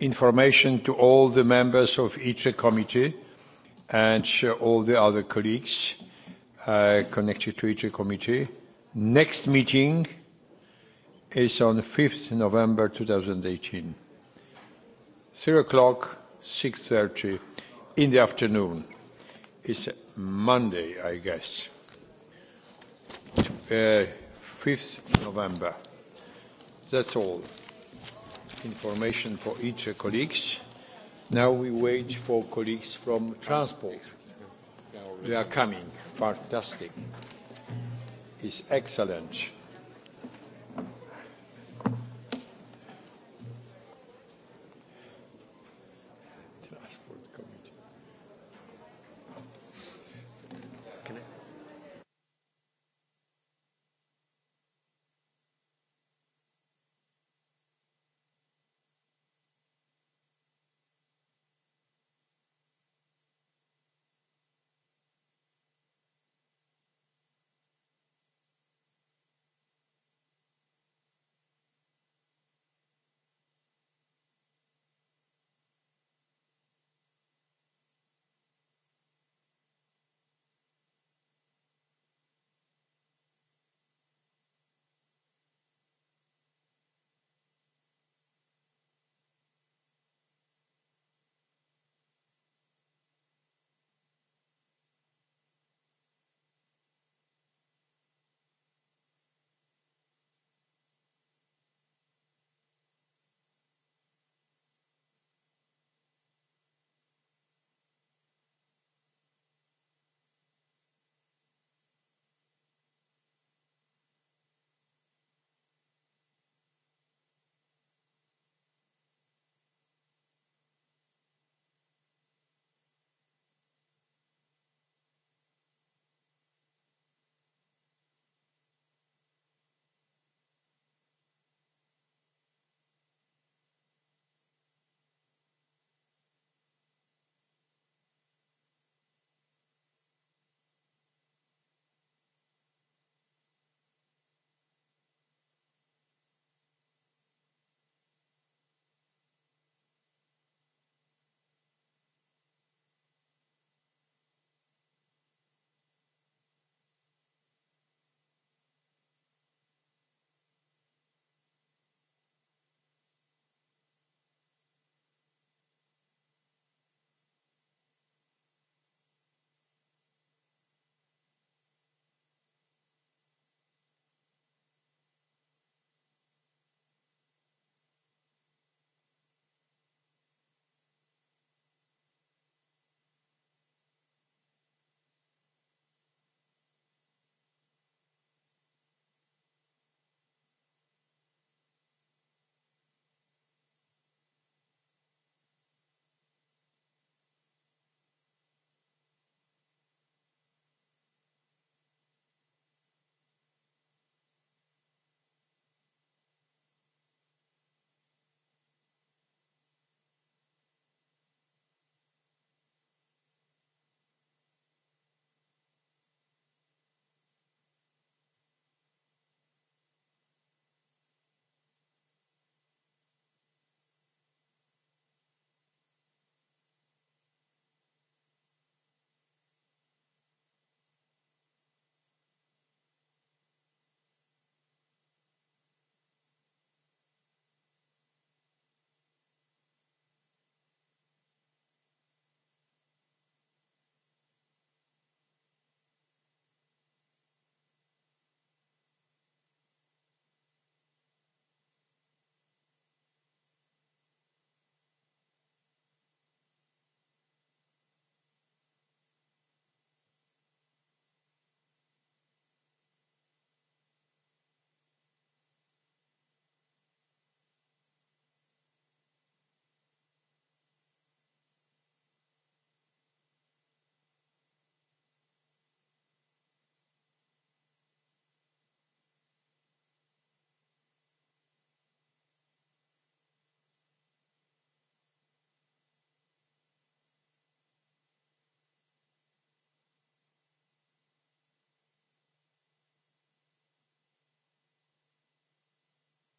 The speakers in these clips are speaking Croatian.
information to all the members of each committee and all the other colleagues uh, connected to each committee. Next meeting is on 5th November 2018, 3 o'clock, 6.30 in the afternoon. It's Monday, I guess, uh, 5th November. That's all information for each colleagues. Now we wait for colleagues from transport. They are coming. Fantastic. It's excellent.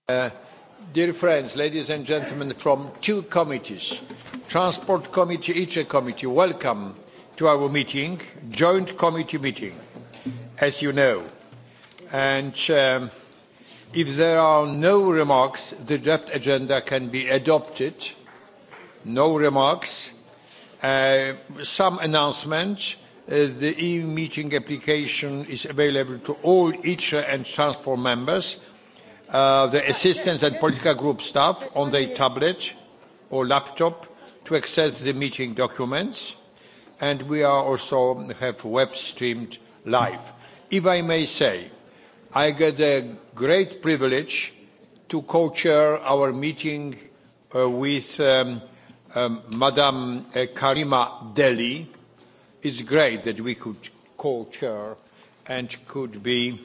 Uh, dear friends, ladies and gentlemen from two committees, Transport Committee, itre Committee, welcome to our meeting, joint committee meeting, as you know. And um, if there are no remarks, the draft agenda can be adopted. No remarks. Uh, some announcements. Uh, the e-meeting application is available to all ITRE and Transport members Uh, the assistants and political group staff on their tablet or laptop to access the meeting documents. And we are also have web streamed live. If I may say, I get the great privilege to co-chair our meeting uh, with um, um, Madam uh, Karima Deli. It's great that we could co-chair and could be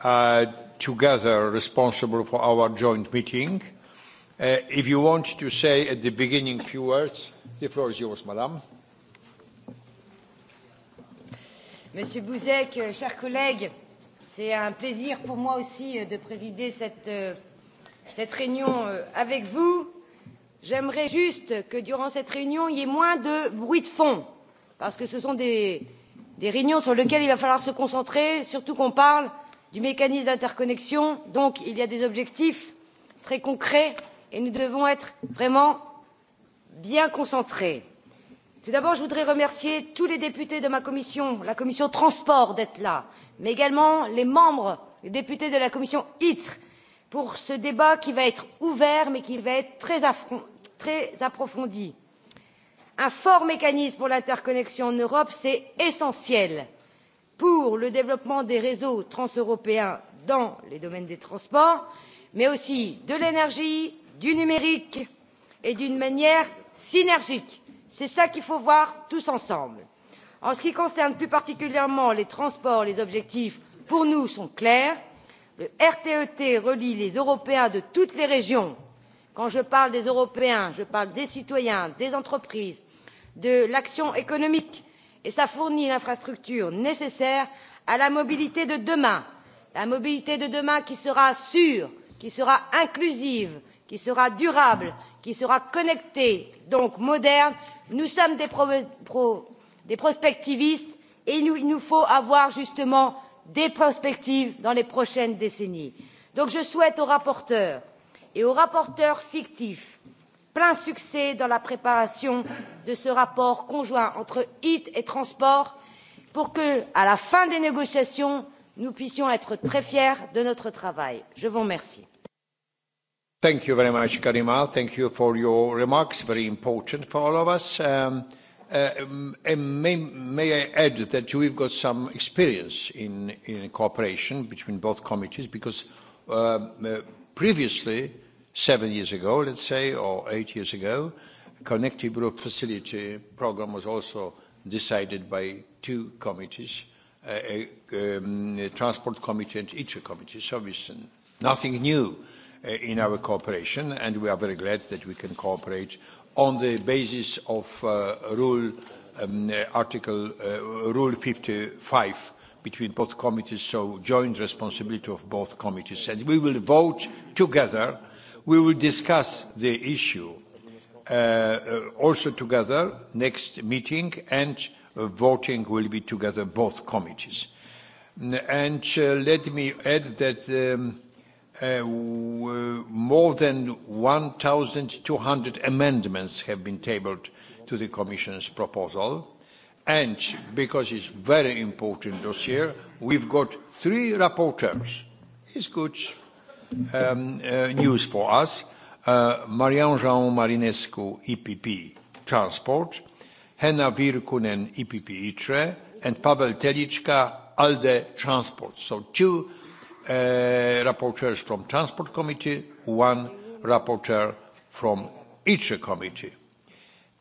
uh, together responsible for our joint meeting. Uh, if you want to say at the beginning few words, the floor is yours, madame. Monsieur Bouzek, euh, chers collègues, c'est un plaisir pour moi aussi euh, de présider cette, euh, cette réunion avec vous. J'aimerais juste que durant cette réunion, il y ait moins de bruit de fond, parce que ce sont des, des réunions sur lesquelles il va falloir se concentrer, surtout qu'on parle du mécanisme d'interconnexion. Donc, il y a des objectifs très concrets et nous devons être vraiment bien concentrés. Tout d'abord, je voudrais remercier tous les députés de ma commission, la commission transport d'être là, mais également les membres, les députés de la commission ITRE pour ce débat qui va être ouvert mais qui va être très, très approfondi. Un fort mécanisme pour l'interconnexion en Europe, c'est essentiel pour le développement des réseaux transeuropéens dans les domaines des transports mais aussi de l'énergie du numérique et d'une manière synergique. c'est cela qu'il faut voir tous ensemble. en ce qui concerne plus particulièrement les transports les objectifs pour nous sont clairs le rte t relie les européens de toutes les régions quand je parle des européens je parle des citoyens des entreprises de l'action économique et cela fournit l'infrastructure nécessaire à la mobilité de demain la mobilité de demain qui sera sûre qui sera inclusive qui sera durable qui sera connectée donc moderne. nous sommes des, des prospectivistes et il nous, il nous faut avoir justement des perspectives dans les prochaines décennies. donc je souhaite aux rapporteurs et aux rapporteurs fictifs plein succès dans la préparation de ce rapport conjoint entre IT et Transport pour que, à la fin des négociations, nous puissions être très fiers de notre travail. Je vous remercie. Thank you very much, Karima. Thank you for your remarks, very important for all of us. Um, uh, um, and may, may I add that we've got some experience in, in cooperation between both committees because um, uh, previously seven years ago, let's say, or eight years ago, the connecting Europe facility program was also decided by two committees, a, um, transport committee and ITRE committee. So it's nothing new uh, in our cooperation, and we are very glad that we can cooperate on the basis of uh, rule um, uh, article uh, rule 55 between both committees, so joint responsibility of both committees. And we will vote together We will discuss the issue uh, uh, also together next meeting and voting will be together both committees. And uh, let me add that um, uh, more than 1,200 amendments have been tabled to the Commission's proposal. And because it's very important dossier, we've got three rapporteurs. It's good. Um, uh, news for us. Uh, Marian Jean Marinescu, EPP Transport, Henna Virkunen, EPP ITRE, and Pavel Telichka, ALDE Transport. So two uh, rapporteurs from Transport Committee, one rapporteur from ITRE Committee.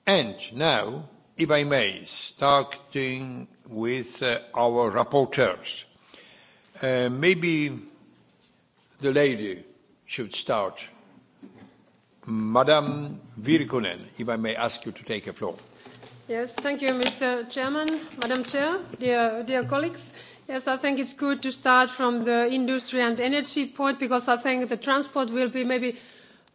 And now, if I may, starting with our rapporteurs. maybe the lady should start. Madam Virkunen, if I may ask you to take a floor. Yes, thank you, Mr. Chairman, Madam Chair, dear, dear colleagues. Yes, I think it's good to start from the industry and energy point because I think the transport will be maybe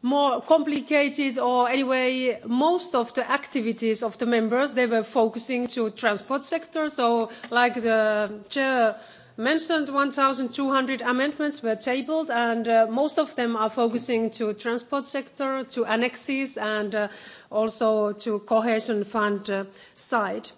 more complicated or anyway most of the activities of the members they were focusing to transport sector so like the chair mentioned 1,200 amendments were tabled, and uh, most of them are focusing to transport sector, to annexes, and uh, also to cohesion fund uh, side.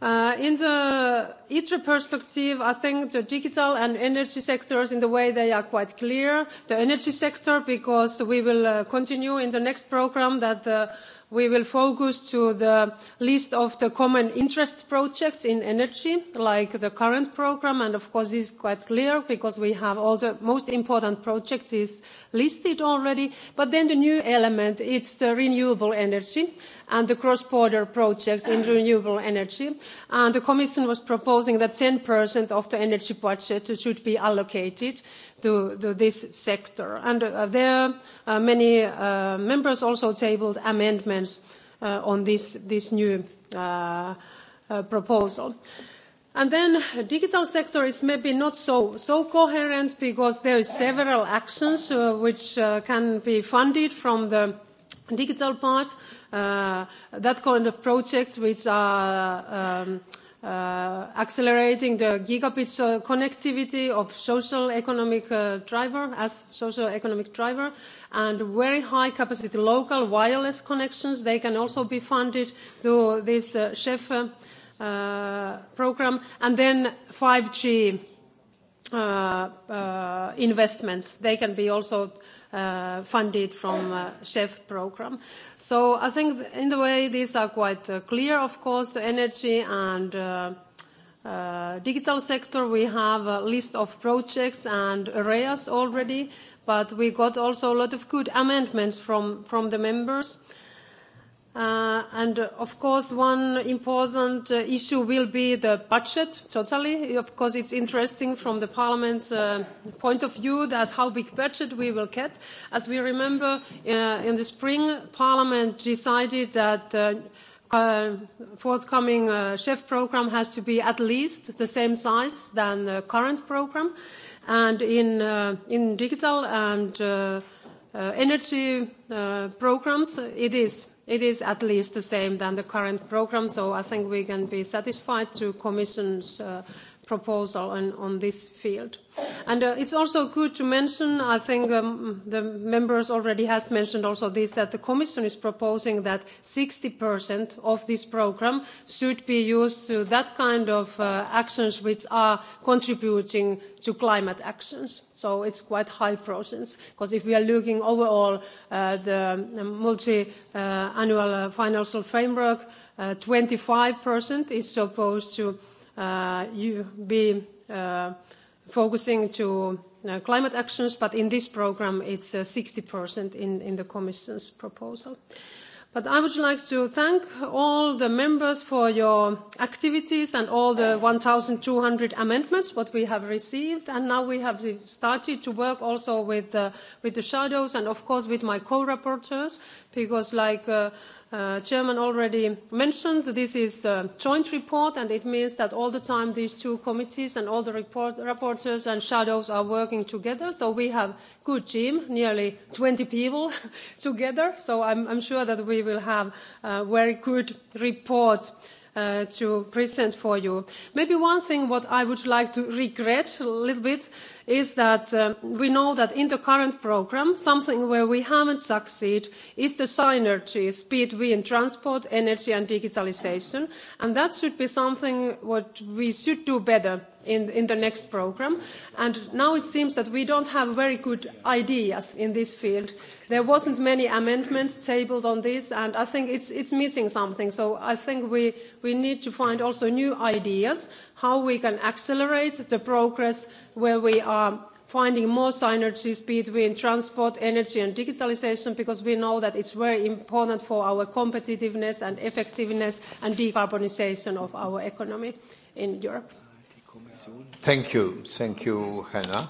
Uh, in the ITRE perspective, I think the digital and energy sectors, in the way they are quite clear. The energy sector, because we will uh, continue in the next program that the uh, we will focus to the list of the common interest projects in energy like the current programme and of course this is quite clear because we have all the most important projects listed already but then the new element is the renewable energy and the cross-border projects in renewable energy. And the Commission was proposing that 10% of the energy budget should be allocated to, this sector. And uh, there uh, many uh, members also tabled amendments on this, this new proposal. And then the digital sector is maybe not so, so coherent because there are several actions which can be funded from the digital part uh, that kind of projects which are um, uh, accelerating the gigabit uh, connectivity of social economic uh, driver as social economic driver and very high capacity local wireless connections. They can also be funded through this uh, CHEF uh, uh program. And then 5G uh, uh, investments. They can be also uh, funded from uh, CHEF program. So I think in the way these are quite uh, clear, of course, the energy and uh, uh, digital sector, we have a list of projects and areas already, but we got also a lot of good amendments from, from the members. Uh, and uh, of course, one important uh, issue will be the budget, totally. Of course, it's interesting from the parliament's point of view that how big budget we will get. As we remember, in the spring, parliament decided that the forthcoming CHEF program has to be at least the same size than the current program. And in, in digital and energy programs, it is it is at least the same than the current programme so i think we can be satisfied to commission's uh, proposal on, on this field. And uh, it's also good to mention, I think um, the members already has mentioned also this, that the Commission is proposing that 60% of this program should be used to that kind of uh, actions which are contributing to climate actions. So it's quite high process because if we are looking overall uh, the multi-annual financial framework, uh, 25% is supposed to Uh, you be uh, focusing to uh, climate actions, but in this program it's 60% in, in the Commission's proposal. But I would like to thank all the members for your activities and all the 1,200 amendments what we have received. And now we have started to work also with, with the shadows and of course with my co-rapporteurs because like Uh, chairman already mentioned, this is a joint report and it means that all the time these two committees and all the report, rapporteurs and shadows are working together. So we have good team, nearly 20 people together. So I'm, I'm sure that we will have a uh, very good report Uh, to present for you. Maybe one thing what I would like to regret a little bit is that um, we know that in the current programme, something where we haven't succeeded is the synergies between transport, energy and digitalisation, and that should be something what we should do better in, in the next program. And now it seems that we don't have very good ideas in this field. There wasn't many amendments tabled on this, and I think it's, it's missing something. So I think we, we need to find also new ideas, how we can accelerate the progress where we are finding more synergies between transport, energy and digitalisation because we know that it's very important for our competitiveness and effectiveness and decarbonisation of our economy in Europe. Thank you. Thank you, Hannah.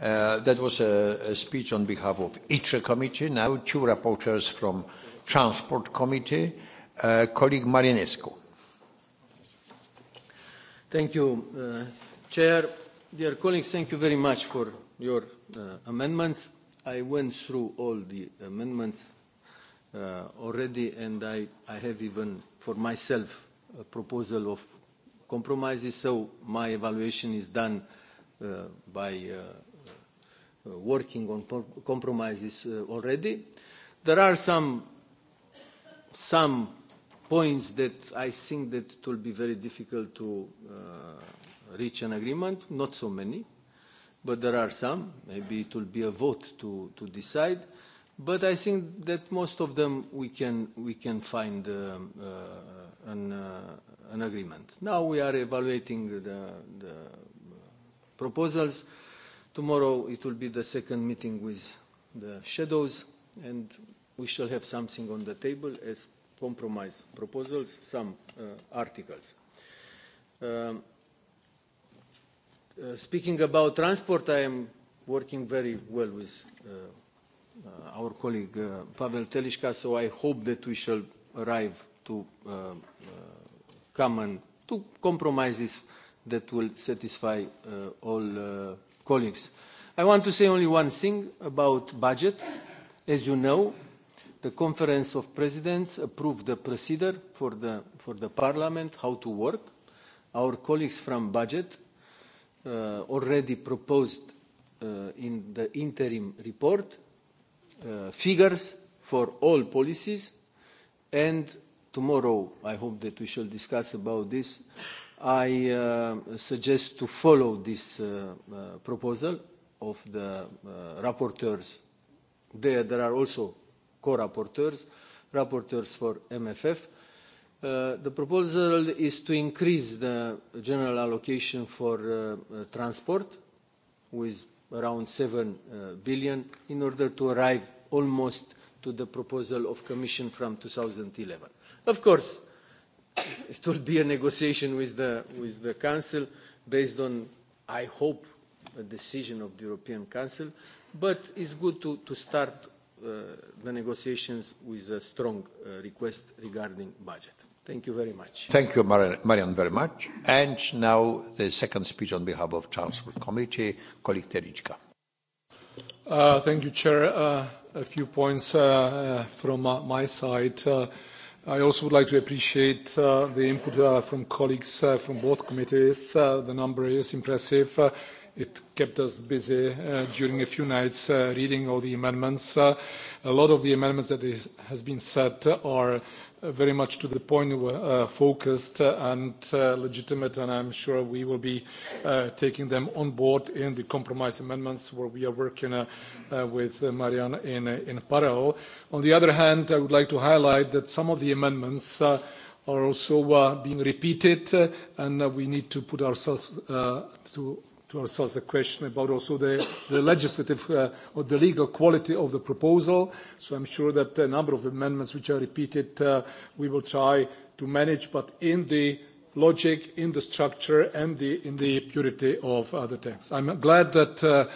Uh, that was a, speech on behalf of each committee. Now two rapporteurs from Transport Committee. Uh, colleague Marinescu. Thank you, uh, Chair. Dear colleagues, thank you very much for your uh, amendments. I went through all the amendments already and I, I have even for myself a proposal of compromises. So my evaluation is done uh, by uh, uh, working on compromises already. There are some, some points that I think that it will be very difficult to reach an agreement, not so many, but there are some. Maybe it will be a vote to, to decide. But I think that most of them we can, we can find um, an, an agreement. Now we are evaluating the, the proposals. Tomorrow it will be the second meeting with the shadows and we shall have something on the table as compromise proposals, some uh, articles. Um, uh, speaking about transport, I am working very well with uh, our colleague Pavel Telishka, so I hope that we shall arrive to common to compromises that will satisfy uh, all uh, colleagues. I want to say only one thing about budget. As you know, the Conference of Presidents approved the procedure for the, for the Parliament how to work. Our colleagues from budget uh, already proposed in the interim report figures for all policies and tomorrow I hope that we shall discuss about this. I uh, suggest to follow this uh, uh, proposal of the uh, rapporteurs. There, there are also co-rapporteurs, rapporteurs for MFF. The proposal is to increase the general allocation for transport with around 7 billion in order to arrive almost to the proposal of Commission from 2011. Of course, it will be a negotiation with the, with the Council based on, I hope, a decision of the European Council, but it's good to, to start uh, the negotiations with a strong uh, request regarding budget. Thank you very much. Thank you, Marian, very much. And now the second speech on behalf of Transport Committee, colleague Terichka. Uh, thank you, Chair. Uh, a few points uh, from my side. I also would like to appreciate the input from colleagues from both committees. The number is impressive. It kept us busy during a few nights reading all the amendments. A lot of the amendments that has been said are very much to the point, uh, focused and uh, legitimate, and I'm sure we will be uh, taking them on board in the compromise amendments where we are working uh, uh, with Marianne in, uh, in parallel. On the other hand, I would like to highlight that some of the amendments are also being repeated, and we need to put ourselves to to ourselves a question about also the, the legislative uh, or the legal quality of the proposal. So I'm sure that a number of amendments which are repeated, uh, we will try to manage, but in the logic, in the structure, and the, in the purity of uh, the text. I'm glad that uh,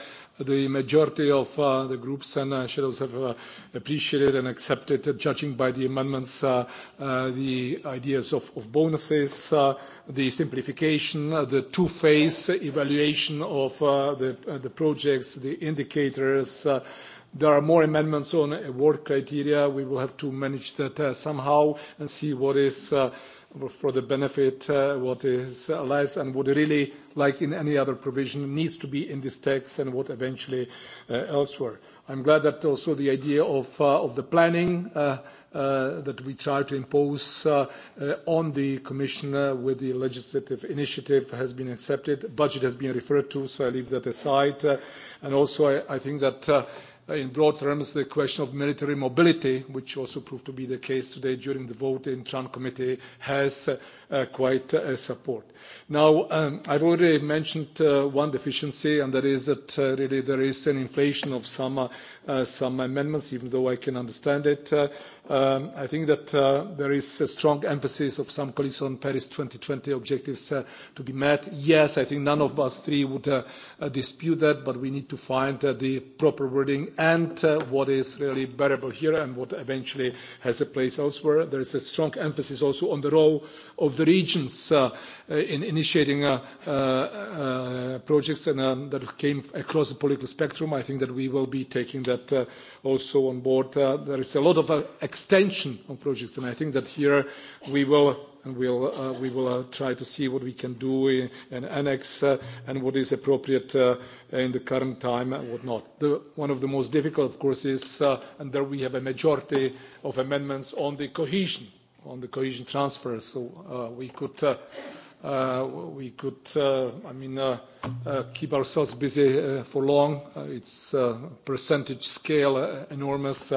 the majority of uh, the groups and uh, shadows have uh, appreciated and accepted, judging by the amendments, the ideas of, bonuses, the simplification, the two-phase evaluation of the, the projects, the indicators. There are more amendments on award criteria. We will have to manage that somehow and see what is for the benefit uh, what is less and what really, like in any other provision, needs to be in this text and what eventually uh, elsewhere. I'm glad that also the idea of, uh, of the planning that we try to impose on the Commission with the legislative initiative has been accepted. Budget has been referred to, so I leave that aside. And also I, I think that Uh, in broad terms, the question of military mobility, which also proved to be the case today during the vote in Tran Committee, has uh, uh, quite a support. Now, um, I've already mentioned one deficiency, and that is that really there is an inflation of some, some amendments, even though I can understand it. Um, I think that uh, there is a strong emphasis of some colleagues on Paris 2020 objectives uh, to be met. Yes, I think none of us three would uh, dispute that, but we need to find the proper wording and what is really bearable here and what eventually has a place elsewhere. There is a strong emphasis also on the role of the regions in initiating projects and um, that came across the political spectrum. I think that we will be taking that also on board. Uh, there is a lot of uh, extension of projects, and I think that here we will and we'll, uh, we will try to see what we can do in, annex and what is appropriate in the current time and what not. The, one of the most difficult, of course, is, and there we have a majority of amendments on the cohesion, on the cohesion transfer. So we could Uh, we could, uh, I mean, uh, uh, keep ourselves busy uh, for long. It's percentage scale enormous.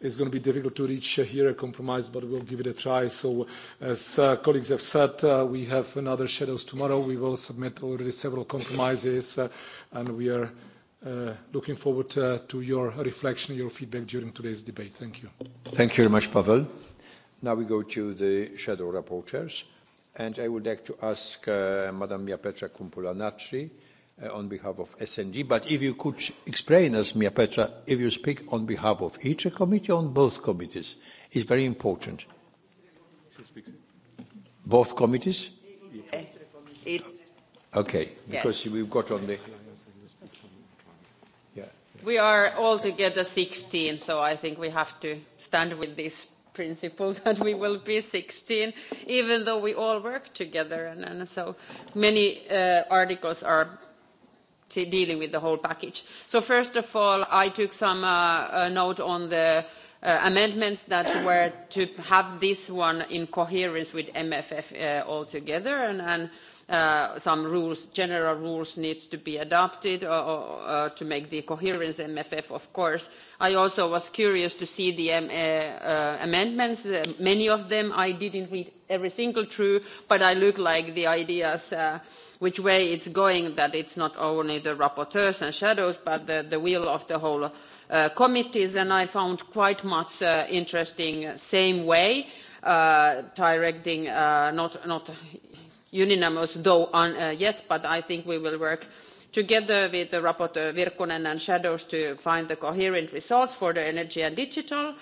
It's going to be difficult to reach here a compromise, but we'll give it a try. So as colleagues have said, we have another shadows tomorrow. We will submit already several compromises, and we are looking forward to your reflection, your feedback during today's debate. Thank you. Thank you very much, Pavel. Now we go to the shadow rapporteurs and I would like to ask uh, Madam Petra Kumpula-Natri uh, on behalf of SND, but if you could explain us, Mia Petra, if you speak on behalf of each committee, on both committees, It's very important. Both committees? Uh, okay, because we've got on the... Yeah. We are all together 16, so I think we have to stand with this principle that we will be 16 even though we all work together and, and so many uh, articles are dealing with the whole package. So first of all I took some uh, uh, note on the Uh, amendments that were to have this one in coherence with MFF uh, altogether and, and Uh, some rules, general rules needs to be adopted uh, uh, to make the coherence MFF, of course. I also was curious to see the um, amendments. Many of them I didn't read every single through, but I look like the ideas which way it's going, that it's not only the rapporteurs and shadows, but the, will of the whole committees, and I found quite much interesting same way, directing not, not unanimous, though on uh, yet, but I think we will work together with the rapporteur Virkkunen and shadows to find the coherent results for the energy and digital.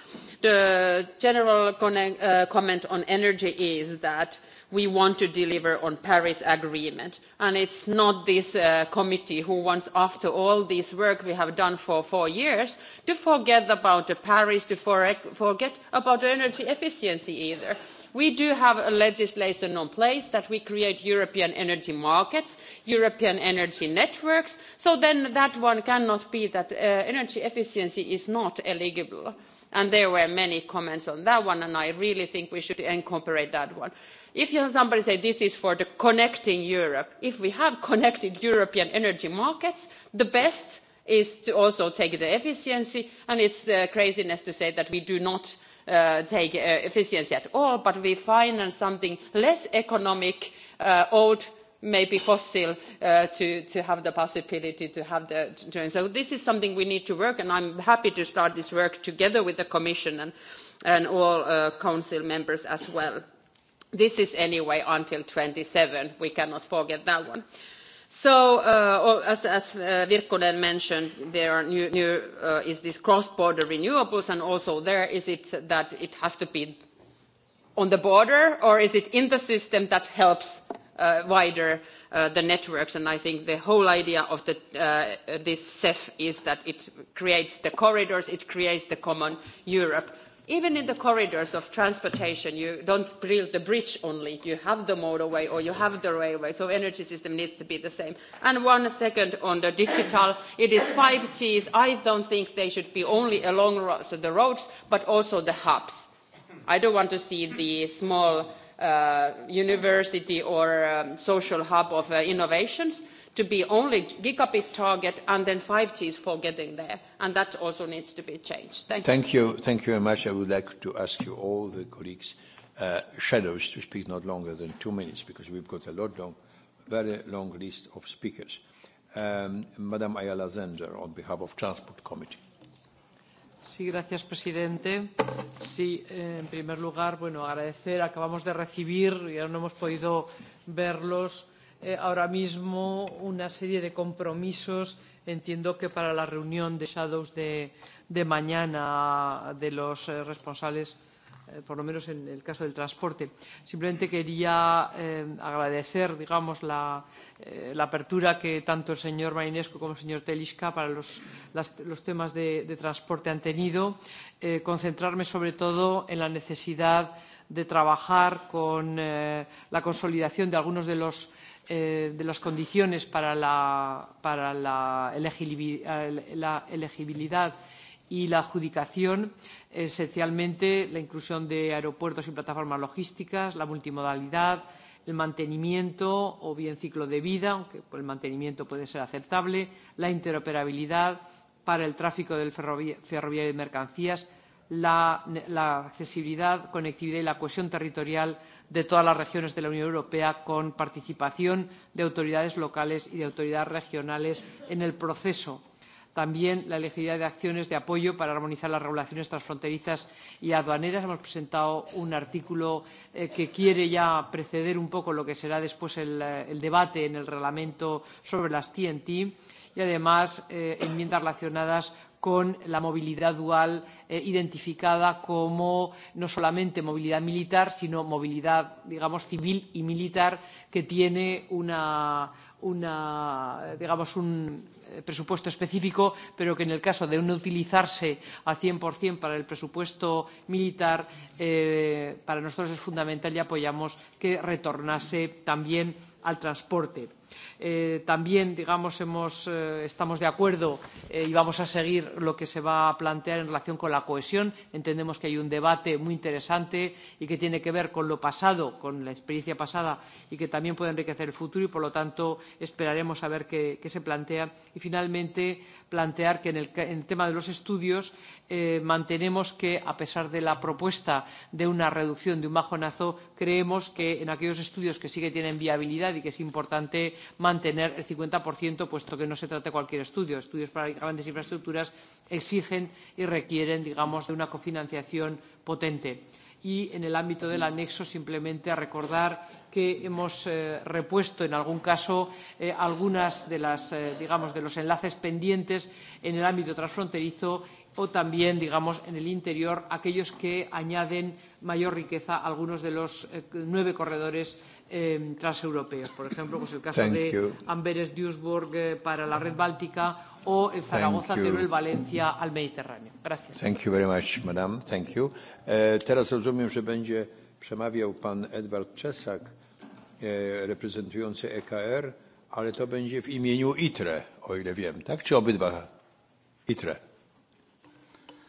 The general uh, comment on energy is that we want to deliver on Paris Agreement. And it's not this uh, committee who wants, after all this work we have done for four years, to forget about Paris, to forget about energy efficiency either we do have a legislation in place that we create european energy markets european energy networks so then that one cannot be that uh, energy efficiency is not eligible and there were many comments on that one and i really think we should incorporate that one. if you somebody say this is for the connecting europe if we have connected european energy markets the best is to also take the efficiency and it's uh, craziness to say that we do not Uh, take uh, efficiency at all but we finance something less economic uh, old maybe fossil to to have the possibility to have the turn. So this is something we need to work and I'm happy to start this work together with the Commission and all Council members as well. This is anyway until twenty seven. We cannot forget that one. So, uh, as, as uh, Virkkunen mentioned, there are new, new uh, is this cross-border renewables, and also there is it that it has to be on the border, or is it in the system that helps uh, wider the networks? And I think the whole idea of the, this CEF is that it creates the corridors, it creates the common Europe even in the corridors of transportation you don't build the bridge only you have the motorway or you have the railway so the energy system needs to be the same. and one second on the digital it is five gs i don't think they should be only along the roads but also the hubs. i don't want to see the small uh, university or um, social hub of uh, innovations to be only gigabit target and then 5G is for getting there. And that also needs to be changed. Thank, Thank you. Thank you very much. I would like to ask you all the colleagues, uh, shadows, to speak not longer than two minutes because we've got a lot long, very long list of speakers. Um, Madam Ayala Zender on behalf of Transport Committee. Sí, gracias, presidente. Sí, en primer lugar, bueno, agradecer. Acabamos de recibir, ya no hemos podido verlos Eh, ahora mismo una serie de compromisos, entiendo que para la reunión de Shadows de, de mañana de los eh, responsables, eh, por lo menos en el caso del transporte. Simplemente quería agradecer, digamos, la, la apertura que tanto el señor Marinescu como el señor Telisca para los, los temas de, de transporte han tenido, concentrarme sobre todo en la necesidad de trabajar con la consolidación de algunos de los Eh, de las condiciones para la, para la elegibilidad, la elegibilidad y la adjudicación, esencialmente la inclusión de aeropuertos y plataformas logísticas, la multimodalidad, el mantenimiento o bien ciclo de vida, aunque el mantenimiento puede ser aceptable, la interoperabilidad para el tráfico del ferroviario de mercancías, la, la accesibilidad, conectividad y la cohesión territorial de todas las regiones de la Unión Europea con participación de autoridades locales y de autoridades regionales en el proceso. También la elegibilidad de acciones de apoyo para armonizar las regulaciones transfronterizas y aduaneras. Hemos presentado un artículo eh, que quiere ya preceder un poco lo que será después el, eh, el debate en el reglamento sobre las TNT y además eh, enmiendas relacionadas con la movilidad dual eh, identificada como no solamente movilidad militar, sino movilidad, digamos, civil y militar, que tiene una, una, digamos, un eh, presupuesto específico, pero que en el caso de no utilizarse al 100% para el presupuesto militar, eh, para nosotros es fundamental y apoyamos que retornase también al transporte. Eh, también digamos, hemos, eh, estamos de acuerdo eh, y vamos a seguir lo que se va a plantear en relación con la cohesión. Entendemos que hay un debate muy interesante y que tiene que ver con lo pasado, con la experiencia pasada y que también puede enriquecer el futuro y, por lo tanto, esperaremos a ver qué, qué se plantea. Y, finalmente, plantear que en el, en el tema de los estudios eh, mantenemos que, a pesar de la propuesta de una reducción de un bajonazo, creemos que en aquellos estudios que sí que tienen viabilidad y que es importante mantener el 50%, puesto que no se trata de cualquier estudio. Estudios para grandes infraestructuras exigen y requieren, digamos, de una cofinanciación potente. Y en el ámbito del anexo, simplemente a recordar que hemos eh, repuesto en algún caso eh, algunas de las, eh, digamos, de los enlaces pendientes en el ámbito transfronterizo o también, digamos, en el interior, aquellos que añaden mayor riqueza algunos de los eh, nueve corredores eh, transeuropeos. Por ejemplo, pues el caso de Amberes Duisburg eh, para la red báltica o el Zaragoza Teruel Valencia al Mediterráneo. Gracias. Thank you very much, madam. Thank you. Eh, teraz rozumiem, że będzie przemawiał pan Edward Czesak e, reprezentujący EKR, ale to będzie w imieniu ITRE, o ile wiem, tak? Czy obydwa ITRE?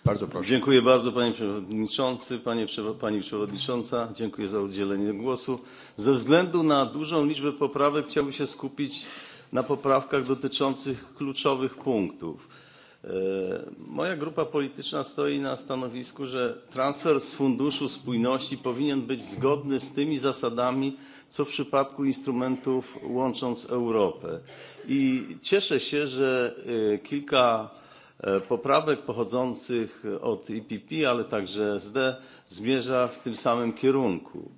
Bardzo proszę. Dziękuję bardzo panie przewodniczący, panie, pani przewodnicząca. Dziękuję za udzielenie głosu. Ze względu na dużą liczbę poprawek chciałbym się skupić na poprawkach dotyczących kluczowych punktów. E, moja grupa polityczna stoi na stanowisku, że transfer z Funduszu Spójności powinien być zgodny z tymi zasadami, co w przypadku instrumentów łącząc Europę. I cieszę się, że e, kilka E, poprawek pochodzących od IPP, e ale także sd zmierza w tym samym kierunku.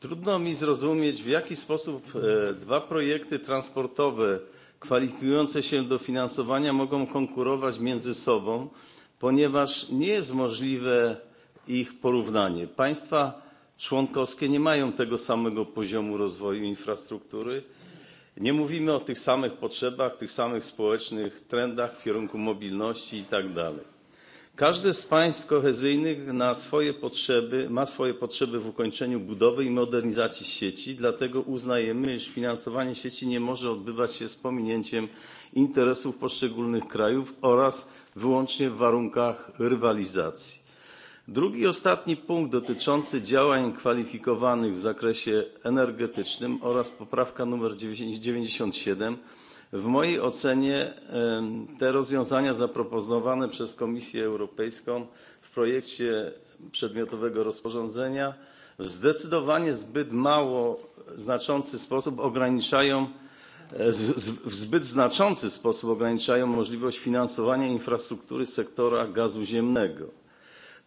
trudno mi zrozumieć w jaki sposób e, dwa projekty transportowe kwalifikujące się do finansowania mogą konkurować między sobą ponieważ nie jest możliwe ich porównanie. państwa członkowskie nie mają tego samego poziomu rozwoju infrastruktury nie mówimy o tych samych potrzebach tych samych społecznych trendach w kierunku mobilności i tak dalej. każde z państw kohezyjnych na swoje potrzeby, ma swoje potrzeby w ukończeniu budowy i modernizacji sieci dlatego uznajemy iż finansowanie sieci nie może odbywać się z pominięciem interesów poszczególnych krajów oraz wyłącznie w warunkach rywalizacji. Drugi ostatni punkt dotyczący działań kwalifikowanych w zakresie energetycznym oraz poprawka nr 97 w mojej ocenie te rozwiązania zaproponowane przez Komisję Europejską w projekcie przedmiotowego rozporządzenia w zdecydowanie zbyt mało znaczący sposób ograniczają e, w zbyt znaczący sposób ograniczają możliwość finansowania infrastruktury sektora gazu ziemnego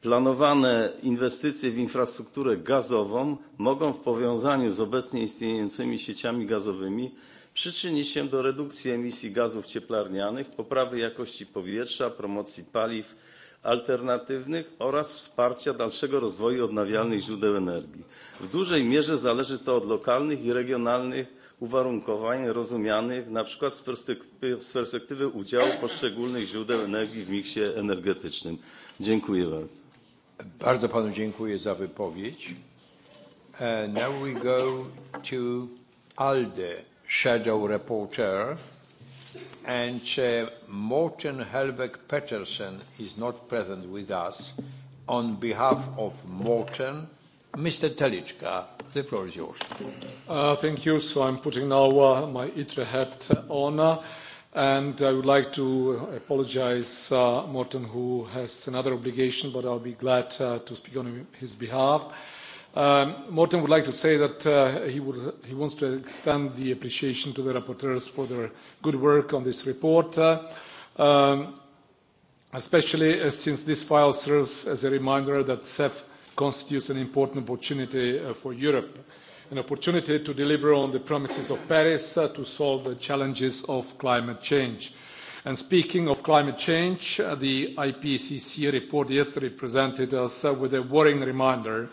planowane inwestycje w infrastrukturę gazową mogą w powiązaniu z obecnie istniejącymi sieciami gazowymi przyczynić się do redukcji emisji gazów cieplarnianych poprawy jakości powietrza promocji paliw alternatywnych oraz wsparcia dalszego rozwoju odnawialnych źródeł energii. w dużej mierze zależy to od lokalnych i regionalnych uwarunkowań rozumianych na przykład z perspektywy, udziału poszczególnych źródeł energii w miksie energetycznym. dziękuję bardzo. Bardzo panu dziękuję za wypowiedź. Uh, now we go to ALDE shadow reporter. and uh, Morten Helbeck Petersen is not present with us. On behalf of Morten, Mr. Telichka, the floor is yours. Uh, thank you. So I'm putting now uh, my ITRE hat on. Uh, And I would like to apologize, uh, Morten, who has another obligation, but I'll be glad uh, to speak on his behalf. Um, Morten would like to say that uh, he, would, he wants to extend the appreciation to the rapporteurs for their good work on this report, uh, um, especially since this file serves as a reminder that CEF constitutes an important opportunity for Europe an opportunity to deliver on the promises of Paris uh, to solve the challenges of climate change. And speaking of climate change, uh, the IPCC report yesterday presented us uh, with a worrying reminder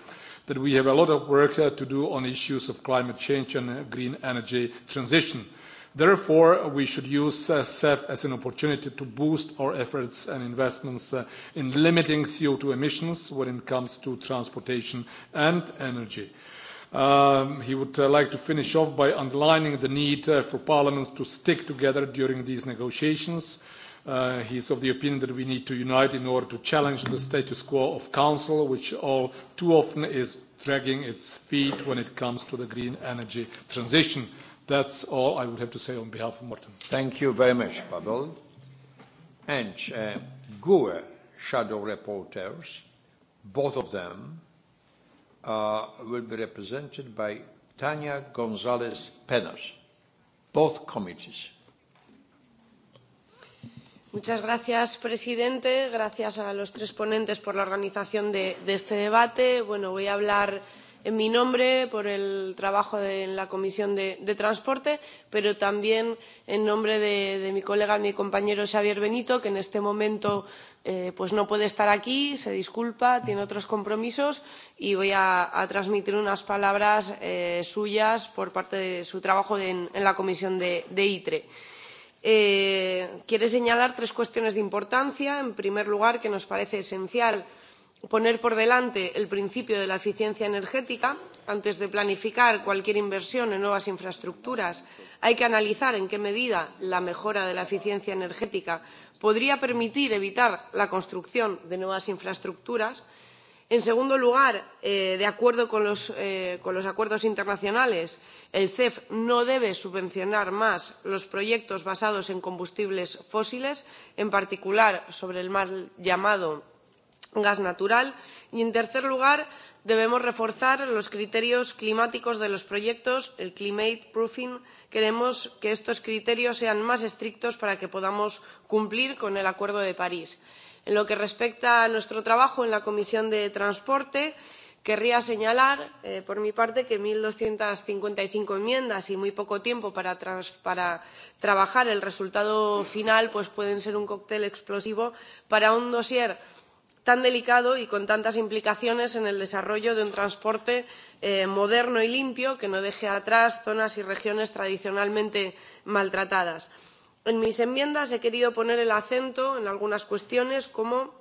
that we have a lot of work to do on issues of climate change and green energy transition. Therefore, we should use CEF as an opportunity to boost our efforts and investments in limiting CO2 emissions when it comes to transportation and energy. Um, he would uh, like to finish off by underlining the need uh, for parliaments to stick together during these negotiations. Uh, he is of the opinion that we need to unite in order to challenge the status quo of Council, which all too often is dragging its feet when it comes to the green energy transition. That's all I would have to say on behalf of Morten. Thank you very much, Pavel. And uh, GUE shadow reporters, both of them, will be represented by Tania Gonzalez Penas, both committees. Muchas gracias, presidente. Gracias a los tres ponentes por la organización de, de este debate. Bueno, voy a hablar en mi nombre por el trabajo en la Comisión de, de Transporte, pero también en nombre de, mi colega, mi compañero Xavier Benito, que en este momento eh, pues no puede estar aquí, se disculpa, tiene otros compromisos y voy a, transmitir unas palabras eh, suyas por parte de su trabajo en, la Comisión de ITRE. E. Eh, señalar tres cuestiones de importancia. En primer lugar, que nos parece esencial poner por delante el principio de la eficiencia energética antes de planificar cualquier inversión en nuevas infraestructuras hay que analizar en qué medida la mejora de la eficiencia energética podría permitir evitar la construcción de nuevas infraestructuras en segundo lugar eh, de acuerdo eh, con los, acuerdos internacionales el cef no debe subvencionar más los proyectos basados en combustibles fósiles en particular sobre el mal llamado gas natural y en tercer lugar debemos reforzar los criterios climáticos de los proyectos el climate proofing queremos que estos criterios sean más estrictos para que podamos cumplir con el acuerdo de parís. en lo que respecta a nuestro trabajo en la comisión de Transporte, querría señalar eh, por mi parte que uno doscientos cincuenta y cinco enmiendas y muy poco tiempo para, para trabajar el resultado final pues pueden ser un cóctel explosivo para un dossier tan delicado y con tantas implicaciones en el desarrollo de un transporte eh, moderno y limpio que no deje atrás zonas y regiones tradicionalmente maltratadas. En mis enmiendas he querido poner el acento en algunas cuestiones como,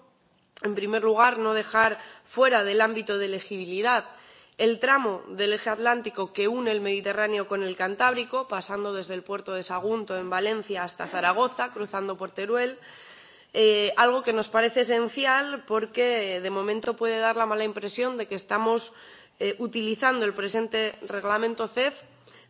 en primer lugar, no dejar fuera del ámbito de elegibilidad el tramo del eje atlántico que une el Mediterráneo con el Cantábrico, pasando desde el puerto de Sagunto en Valencia hasta Zaragoza, cruzando por Teruel, eh, algo que nos parece esencial porque de momento puede dar la mala impresión de que estamos eh, utilizando el presente reglamento CEF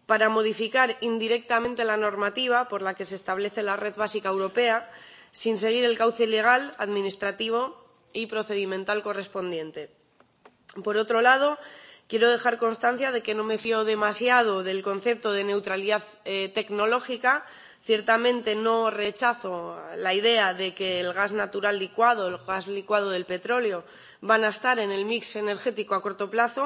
para modificar indirectamente la normativa por la que se establece la red básica europea sin seguir el cauce legal, administrativo y procedimental correspondiente. Por otro lado, quiero dejar constancia de que no me fío demasiado del concepto de neutralidad eh, tecnológica, Ciertamente no rechazo la idea de que el gas natural licuado, el gas licuado del petróleo, van a estar en el mix energético a corto plazo,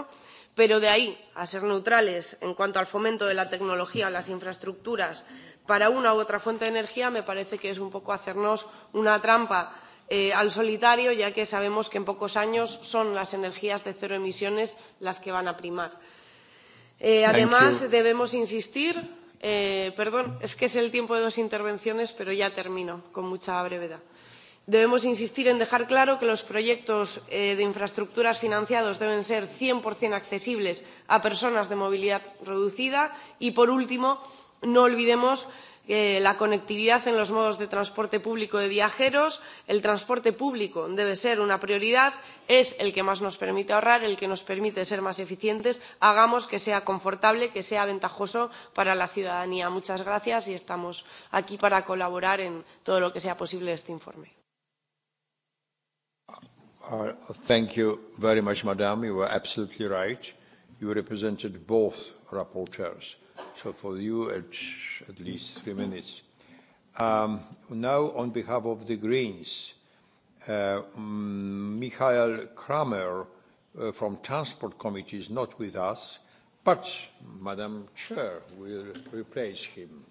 pero de ahí a ser neutrales en cuanto al fomento de la tecnología, las infraestructuras para una u otra fuente de energía, me parece que es un poco hacernos una trampa eh, al solitario, ya que sabemos que en pocos años son las energías de cero emisiones las que van a primar. Eh, además, debemos insistir Eh, perdón, es que es el tiempo de dos intervenciones, pero ya termino con mucha brevedad. Debemos insistir en dejar claro que los proyectos eh, de infraestructuras financiados deben ser 100% accesibles a personas de movilidad reducida y, por último, no olvidemos Eh, la conectividad en los modos de transporte público de viajeros el transporte público debe ser una prioridad es el que más nos permite ahorrar el que nos permite ser más eficientes hagamos que sea confortable que sea ventajoso para la ciudadanía. muchas gracias y estamos aquí para colaborar en todo lo que sea posible este informe. Uh, uh, thank you very much, madam. You were absolutely right. You represented both rapporteurs. So for you, it's at least three minutes. Um, now, on behalf of the Greens, uh, mm, Michael Kramer uh, from Transport Committee is not with us, but Madam Chair will replace him.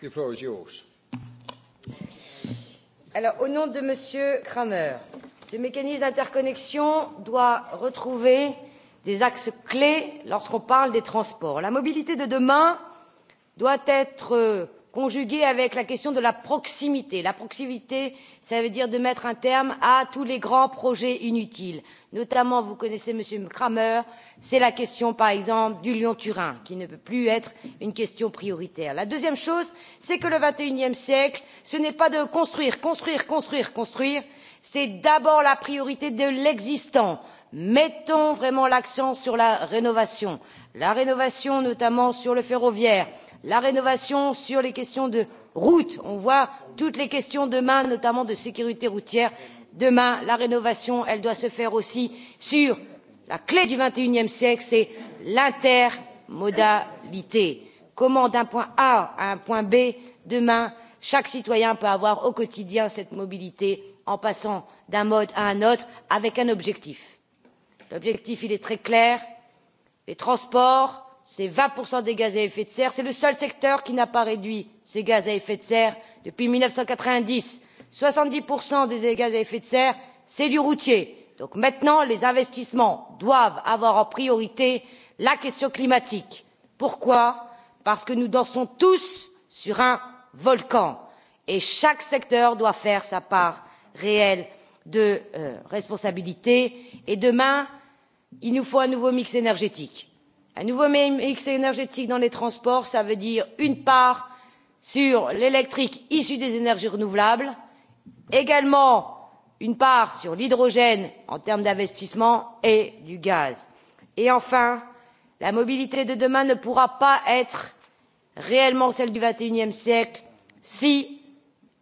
The floor is yours. Alors, au nom de Monsieur Kramer, ce mécanisme d'interconnexion doit retrouver des axes clés lorsqu'on parle des transports. La mobilité de demain doit être euh, conjuguée avec la question de la proximité. La proximité, ça veut dire de mettre un terme à tous les grands projets inutiles. Notamment, vous connaissez M. Kramer, c'est la question par exemple du Lyon-Turin qui ne peut plus être une question prioritaire. La deuxième chose, c'est que le XXIe siècle, ce n'est pas de construire, construire, construire, construire, c'est d'abord la priorité de l'existant mettons vraiment l'accent sur la rénovation la rénovation notamment sur le ferroviaire la rénovation sur les questions de route on voit toutes les questions demain notamment de sécurité routière demain la rénovation elle doit se faire aussi sur la clé du xxie siècle c'est l'intermodalité comment d'un point a à un point b demain chaque citoyen peut avoir au quotidien cette mobilité en passant d'un mode à un autre avec un objectif l'objectif est très clair les transports c'est vingt des gaz à effet de serre c'est le seul secteur qui n'a pas réduit ses gaz à effet de serre depuis. mille neuf cent quatre vingt dix soixante dix des gaz à effet de serre c'est du routier. donc maintenant les investissements doivent avoir en priorité la question climatique. pourquoi? parce que nous dansons tous sur un volcan et chaque secteur doit faire sa part réelle de euh, responsabilité et demain il nous faut un nouveau mix énergétique. un nouveau mix énergétique dans les transports cela veut dire une part sur l'électrique issu des énergies renouvelables également une part sur l'hydrogène en termes d'investissement et du gaz. et enfin la mobilité de demain ne pourra pas être réellement celle du xxie siècle si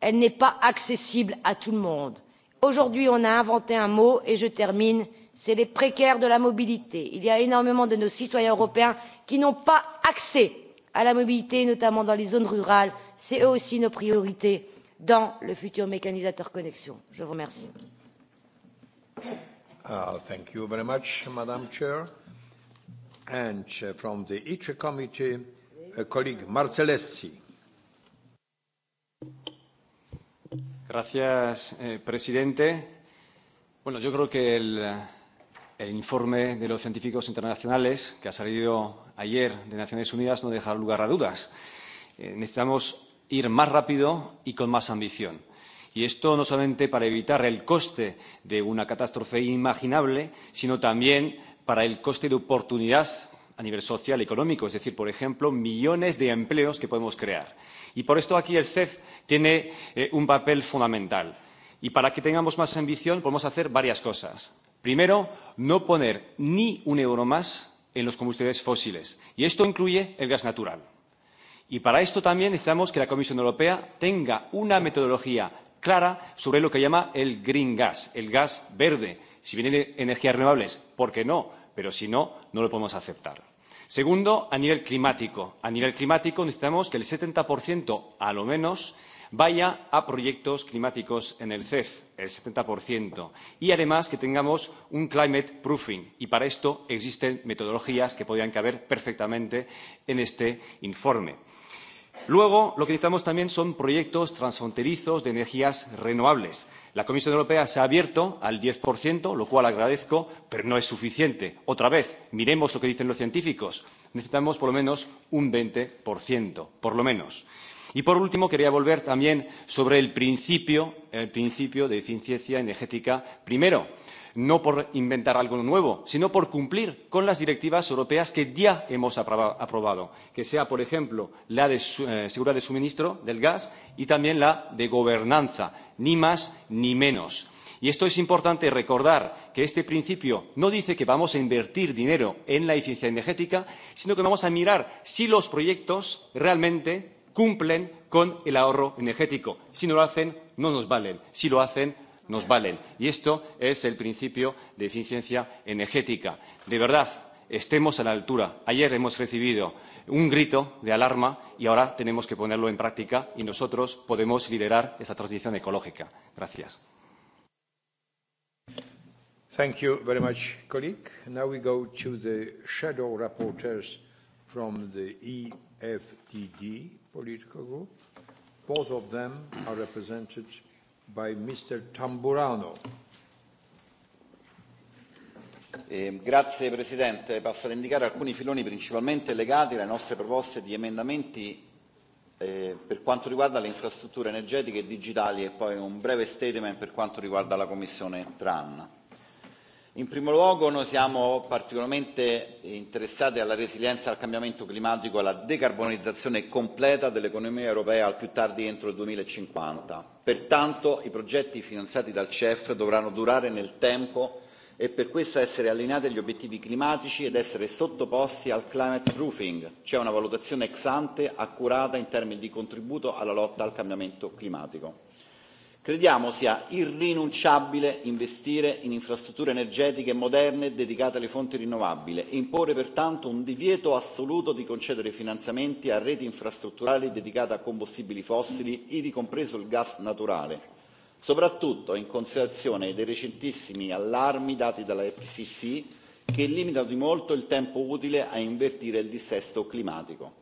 elle n'est pas accessible à tout le monde aujourd'hui on a inventé un mot et je termine c'est les précaires de la mobilité. il y a énormément de nos citoyens européens qui n'ont pas accès à la mobilité notamment dans les zones rurales. c'est eux aussi nos priorités dans le futur mécanisateur connexion. je vous remercie. Uh, thank you very much, Madam Chair. And uh, from the e committee, a colleague Marcellesi. Gracias, eh, presidente. Bueno, yo creo que el, informe de los científicos internacionales que ha salido ayer de Naciones Unidas no deja lugar a dudas. Eh, necesitamos ir más rápido y con más ambición. Y esto no solamente para evitar el coste de una catástrofe inimaginable, sino también para el coste de oportunidad a nivel social y económico, es decir, por ejemplo, millones de empleos que podemos crear y por esto aquí el CEF tiene eh, un papel fundamental. Y para que tengamos más ambición podemos hacer varias cosas. Primero, no poner ni un euro más en los combustibles fósiles. Y esto incluye el gas natural. Y para esto también necesitamos que la Comisión Europea tenga una metodología clara sobre lo que llama el green gas, el gas verde. Si viene de energías renovables, ¿por qué no? Pero si no, no lo podemos aceptar. Segundo, a nivel climático. A nivel climático necesitamos que el 70% a lo menos vaya a proyectos climáticos en el CEF, el 70%, y además que tengamos un climate proofing. Y para esto existen metodologías que podrían caber perfectamente en este informe. Luego, lo que necesitamos también son proyectos transfronterizos de energías renovables. La Comisión Europea se ha abierto al 10%, lo cual agradezco, pero no es suficiente. Otra vez, miremos lo que dicen los científicos. Necesitamos por lo menos un 20%, por lo menos. Y por último, quería volver también sobre el principio, el principio de eficiencia energética. Primero, no por inventar algo nuevo, sino por cumplir con las directivas europeas que ya hemos aprobado, que sea, por ejemplo, la de eh, seguridad de suministro del gas y también la de gobernanza, ni más ni menos. Y esto es importante recordar que este principio no dice que vamos a invertir dinero en la eficiencia energética, sino que vamos a mirar si los proyectos realmente cumplen con el ahorro energético. Si no lo hacen, no nos valen. Si lo hacen, nos valen. Y esto es el principio de eficiencia energética. De verdad, estemos a la altura. Ayer hemos recibido un grito de alarma y ahora tenemos que ponerlo en práctica y nosotros podemos liderar esa transición ecológica. Gracias. Thank you very much, colleague. Now we go to the shadow rapporteurs from the EFDD political group. Both of them are represented by Mr. Tamburano. Eh, grazie Presidente. Passo ad indicare alcuni filoni principalmente legati alle nostre proposte di emendamenti eh, per quanto riguarda le infrastrutture energetiche e digitali e poi un breve statement per quanto riguarda la Commissione TRAN. In primo luogo noi siamo particolarmente interessati alla resilienza al cambiamento climatico e alla decarbonizzazione completa dell'economia europea al più tardi entro il 2050. Pertanto i progetti finanziati dal CEF dovranno durare nel tempo e per questo essere allineati agli obiettivi climatici ed essere sottoposti al climate proofing, cioè una valutazione ex ante accurata in termini di contributo alla lotta al cambiamento climatico. Crediamo sia irrinunciabile investire in infrastrutture energetiche moderne dedicate alle fonti rinnovabili e imporre pertanto un divieto assoluto di concedere finanziamenti a reti infrastrutturali dedicate a combustibili fossili, ivi compreso il gas naturale, soprattutto in considerazione dei recentissimi allarmi dati dalla FCC che limitano di molto il tempo utile a invertire il dissesto climatico.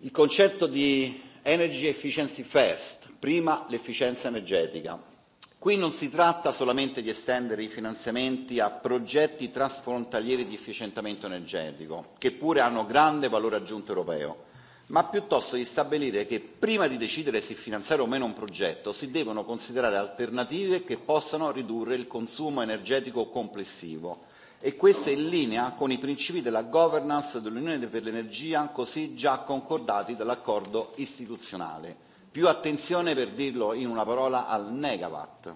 Il concetto di energy efficiency first prima l'efficienza energetica qui non si tratta solamente di estendere i finanziamenti a progetti trasfrontalieri di efficientamento energetico che pure hanno grande valore aggiunto europeo ma piuttosto di stabilire che prima di decidere se finanziare o meno un progetto si devono considerare alternative che possano ridurre il consumo energetico complessivo e questo è in linea con i principi della governance dell'Unione per l'energia così già concordati dall'accordo istituzionale. Più attenzione, per dirlo in una parola, al megawatt.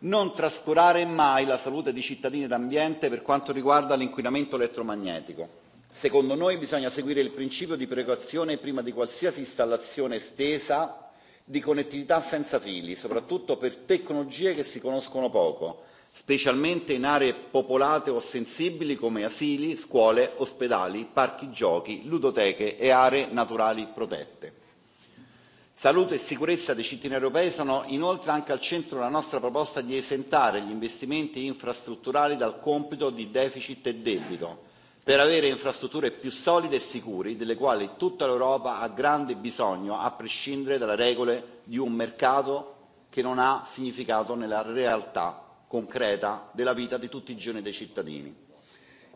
Non trascurare mai la salute di cittadini ed ambiente per quanto riguarda l'inquinamento elettromagnetico. Secondo noi bisogna seguire il principio di precauzione prima di qualsiasi installazione estesa di connettività senza fili, soprattutto per tecnologie che si conoscono poco specialmente in aree popolate o sensibili come asili, scuole, ospedali, parchi giochi, ludoteche e aree naturali protette. Salute e sicurezza dei cittadini europei sono inoltre anche al centro della nostra proposta di esentare gli investimenti infrastrutturali dal compito di deficit e debito per avere infrastrutture più solide e sicure delle quali tutta l'Europa ha grande bisogno a prescindere dalle regole di un mercato che non ha significato nella realtà concreta della vita di tutti i giorni dei cittadini.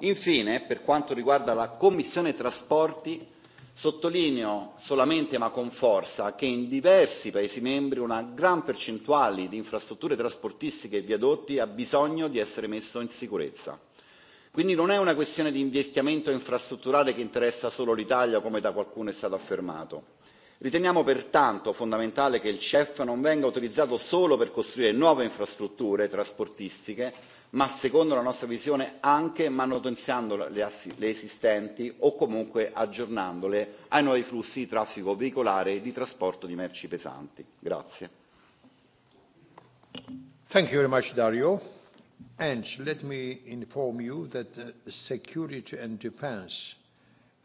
Infine, per quanto riguarda la Commissione Trasporti, sottolineo solamente ma con forza che in diversi Paesi membri una gran percentuale di infrastrutture trasportistiche e viadotti ha bisogno di essere messo in sicurezza. Quindi non è una questione di investimento infrastrutturale che interessa solo l'Italia come da qualcuno è stato affermato riteniamo pertanto fondamentale che il cef non venga utilizzato solo per costruire nuove infrastrutture trasportistiche ma secondo la nostra visione anche manutenziando le esistenti o comunque aggiornandole ai nuovi flussi di traffico veicolare e di trasporto di merci pesanti. Thank you Dario. And let me inform you that the Security and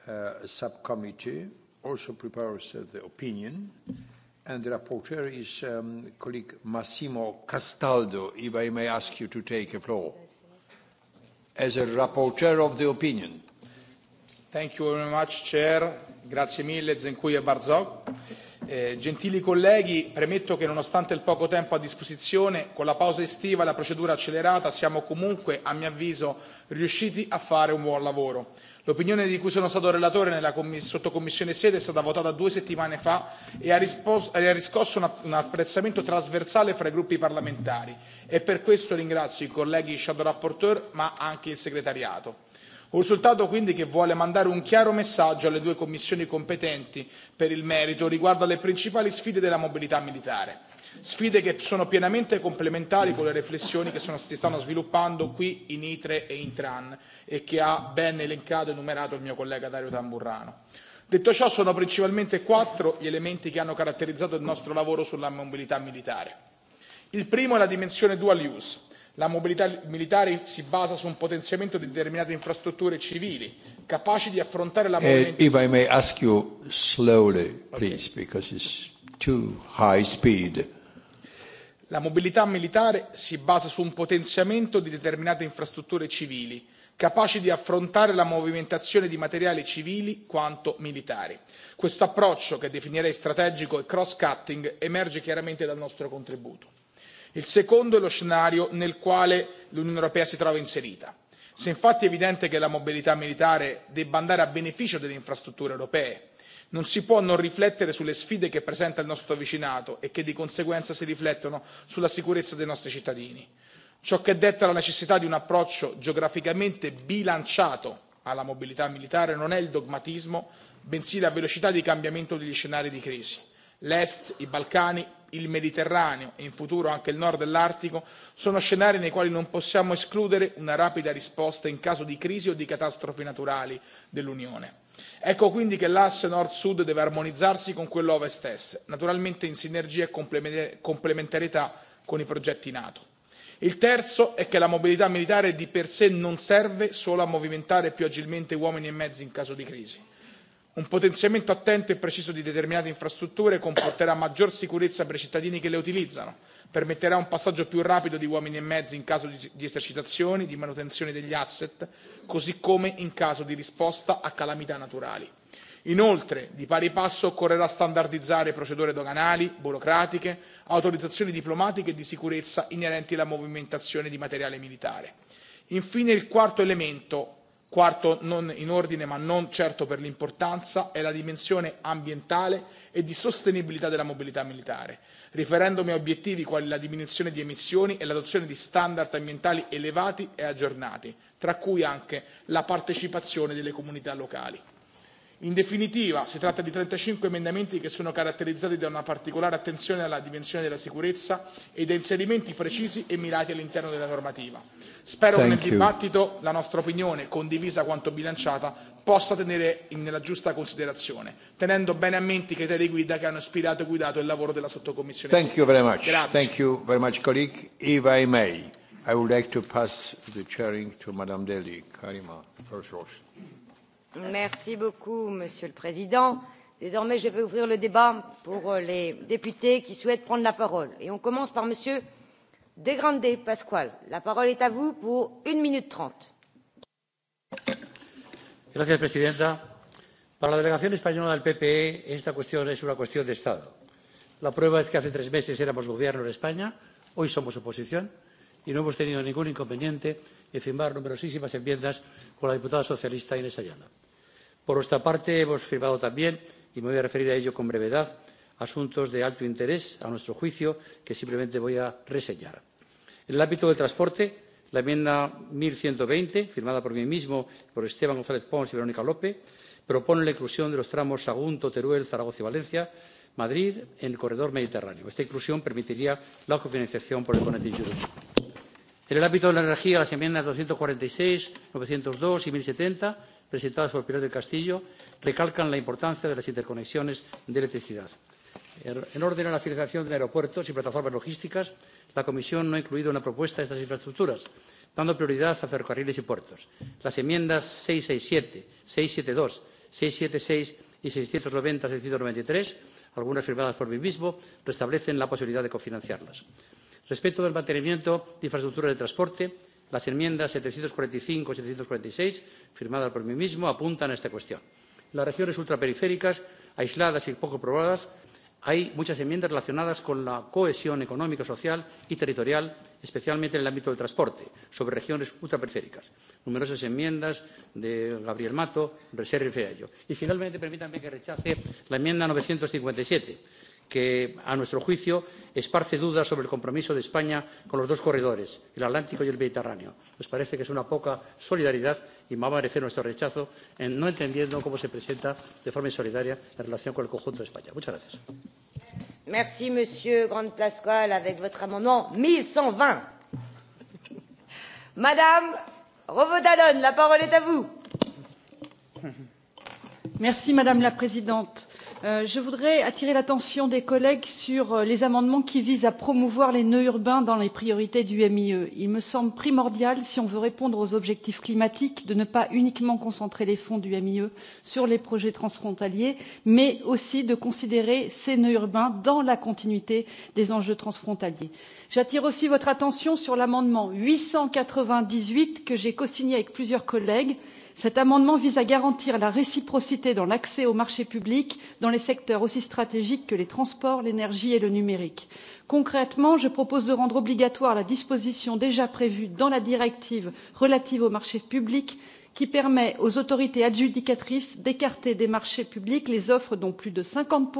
uh, Subcommittee also prepares uh, the opinion, and the rapporteur is um, colleague Massimo Castaldo, if I may ask you to take a floor, as a rapporteur of the opinion. Thank you very much, Chair. Grazie mille, Zenkuya Barzog. Eh, gentili colleghi, premetto che nonostante il poco tempo a disposizione, con la pausa estiva e la procedura accelerata siamo comunque, a mio avviso, riusciti a fare un buon lavoro L'opinione di cui sono stato relatore nella sottocommissione sede è stata votata due settimane fa e ha, e riscosso un apprezzamento trasversale fra i gruppi parlamentari e per questo ringrazio i colleghi shadow rapporteur ma anche il segretariato. Un risultato quindi che vuole mandare un chiaro messaggio alle due commissioni competenti per il merito riguardo alle principali sfide della mobilità militare sfide che sono pienamente complementari con le riflessioni che sono, si stanno sviluppando qui in itre e in tran e che ha ben elencato e numerato il mio collega dario tamburrano. detto ciò sono principalmente quattro gli elementi che hanno caratterizzato il nostro lavoro sulla mobilità militare. il primo è la dimensione dual use la mobilità militare si basa su un potenziamento di determinate infrastrutture civili capaci di affrontare la eh, mobilità please, because it's too high speed la mobilità militare si basa su un potenziamento di determinate infrastrutture civili capaci di affrontare la movimentazione di materiali civili quanto militari. questo approccio che definirei strategico e cross cutting emerge chiaramente dal nostro contributo. il secondo è lo scenario nel quale l'unione europea si trova inserita. se infatti è evidente che la mobilità militare debba andare a beneficio delle infrastrutture europee non si può non riflettere sulle sfide che presenta il nostro vicinato e che di conseguenza si riflettono sulla sicurezza dei nostri cittadini ciò che detta la necessità di un approccio geograficamente bilanciato alla mobilità militare non è il dogmatismo bensì la velocità di cambiamento degli scenari di crisi l'est i balcani il mediterraneo e in futuro anche il nord dell'artico sono scenari nei quali non possiamo escludere una rapida risposta in caso di crisi o di catastrofi naturali dell'unione ecco quindi che l'asse nord sud deve armonizzarsi con quello ovest est naturalmente in sinergia e complementarietà con i progetti nato. il terzo è che la mobilità militare di per sé non serve solo a movimentare più agilmente uomini e mezzi in caso di crisi un potenziamento attento e preciso di determinate infrastrutture comporterà maggior sicurezza per i cittadini che le utilizzano permetterà un passaggio più rapido di uomini e mezzi in caso di esercitazioni di manutenzione degli asset così come in caso di risposta a calamità naturali. inoltre di pari passo occorrerà standardizzare procedure doganali burocratiche autorizzazioni diplomatiche e di sicurezza inerenti alla movimentazione di materiale militare. infine il quarto elemento quarto non in ordine ma non certo per l'importanza è la dimensione ambientale e di sostenibilità della mobilità militare riferendomi a obiettivi quali la diminuzione di emissioni e l'adozione di standard ambientali elevati e aggiornati tra cui anche la partecipazione delle comunità locali. In definitiva, si tratta di 35 emendamenti che sono caratterizzati da una particolare attenzione alla dimensione della sicurezza e da inserimenti precisi e mirati all'interno della normativa. Spero Thank che nel dibattito la nostra opinione, condivisa quanto bilanciata, possa tenere nella giusta considerazione, tenendo bene a mente i criteri guida che hanno ispirato e guidato il lavoro della sottocommissione. Thank e you very much. Thank you very much, colleague. If I may, I would like to pass the chairing to Madame Deli. Karima, first Merci beaucoup, Monsieur le Président. Désormais, je vais ouvrir le débat pour euh, les députés qui souhaitent prendre la parole. Et on commence par Monsieur De Grande Pascual. La parole est à vous pour une minute trente. Gracias, Presidenta. Para la delegación española del PPE, esta cuestión es una cuestión de Estado. La prueba es que hace tres meses éramos gobierno en España, hoy somos oposición y no hemos tenido ningún inconveniente en firmar numerosísimas enmiendas con la diputada socialista Inés Ayala por nuestra parte hemos firmado también y me voy a referir a ello con brevedad asuntos de alto interés a nuestro juicio que simplemente voy a reseñar. en el ámbito del transporte la enmienda uno ciento veinte firmada por mí mismo por esteban gonzález pons y verónica lope propone la inclusión de los tramos sagunto teruel zaragoza y valencia madrid en el corredor mediterráneo. esta inclusión permitiría la cofinanciación por el Connecting Europe. en el ámbito de la energía las enmiendas doscientos cuarenta y seis novecientos dos y mil setenta presentadas por Pilar del Castillo recalcan la importancia de las interconexiones de electricidad. En orden a la financiación de aeropuertos y plataformas logísticas, la Comisión no ha incluido una propuesta de estas infraestructuras, dando prioridad a ferrocarriles y puertos. Las enmiendas 667, 672, 676 y 690 693, algunas firmadas por mí mismo, restablecen la posibilidad de cofinanciarlas. Respecto del mantenimiento de infraestructura de transporte, las enmiendas setecientos cuarenta y cinco y setecientos cuarenta y seis firmadas por mí mismo apuntan a esta cuestión. en las regiones ultraperiféricas aisladas y poco pobladas hay muchas enmiendas relacionadas con la cohesión económica social y territorial especialmente en el ámbito del transporte sobre regiones ultraperiféricas numerosas enmiendas de gabriel mato se refiere a ello. y finalmente permítanme que rechace la enmienda novecientos cincuenta y siete que a nuestro juicio esparce dudas sobre el compromiso de españa con los dos corredores el atlántico y el mediterráneo. nos parece que es una poca solidaridad y va a merecer nuestro rechazo en no entendiendo cómo se presenta de forma insolidaria en relación con el conjunto de españa. muchas gracias. Merci, Monsieur avec votre amendement 1120. Madame la parole est à vous. Merci, Madame la Présidente Euh, je voudrais attirer l'attention des collègues sur euh, les amendements qui visent à promouvoir les nœuds urbains dans les priorités du MIE. Il me semble primordial, si on veut répondre aux objectifs climatiques, de ne pas uniquement concentrer les fonds du MIE sur les projets transfrontaliers, mais aussi de considérer ces nœuds urbains dans la continuité des enjeux transfrontaliers. J'attire aussi votre attention sur l'amendement 898 que j'ai cosigné avec plusieurs collègues cet amendement vise à garantir la réciprocité dans l'accès aux marchés publics dans les secteurs aussi stratégiques que les transports l'énergie et le numérique concrètement je propose de rendre obligatoire la disposition déjà prévue dans la directive relative aux marchés publics qui permet aux autorités adjudicatrices d'écarter des marchés publics les offres dont plus de cinquante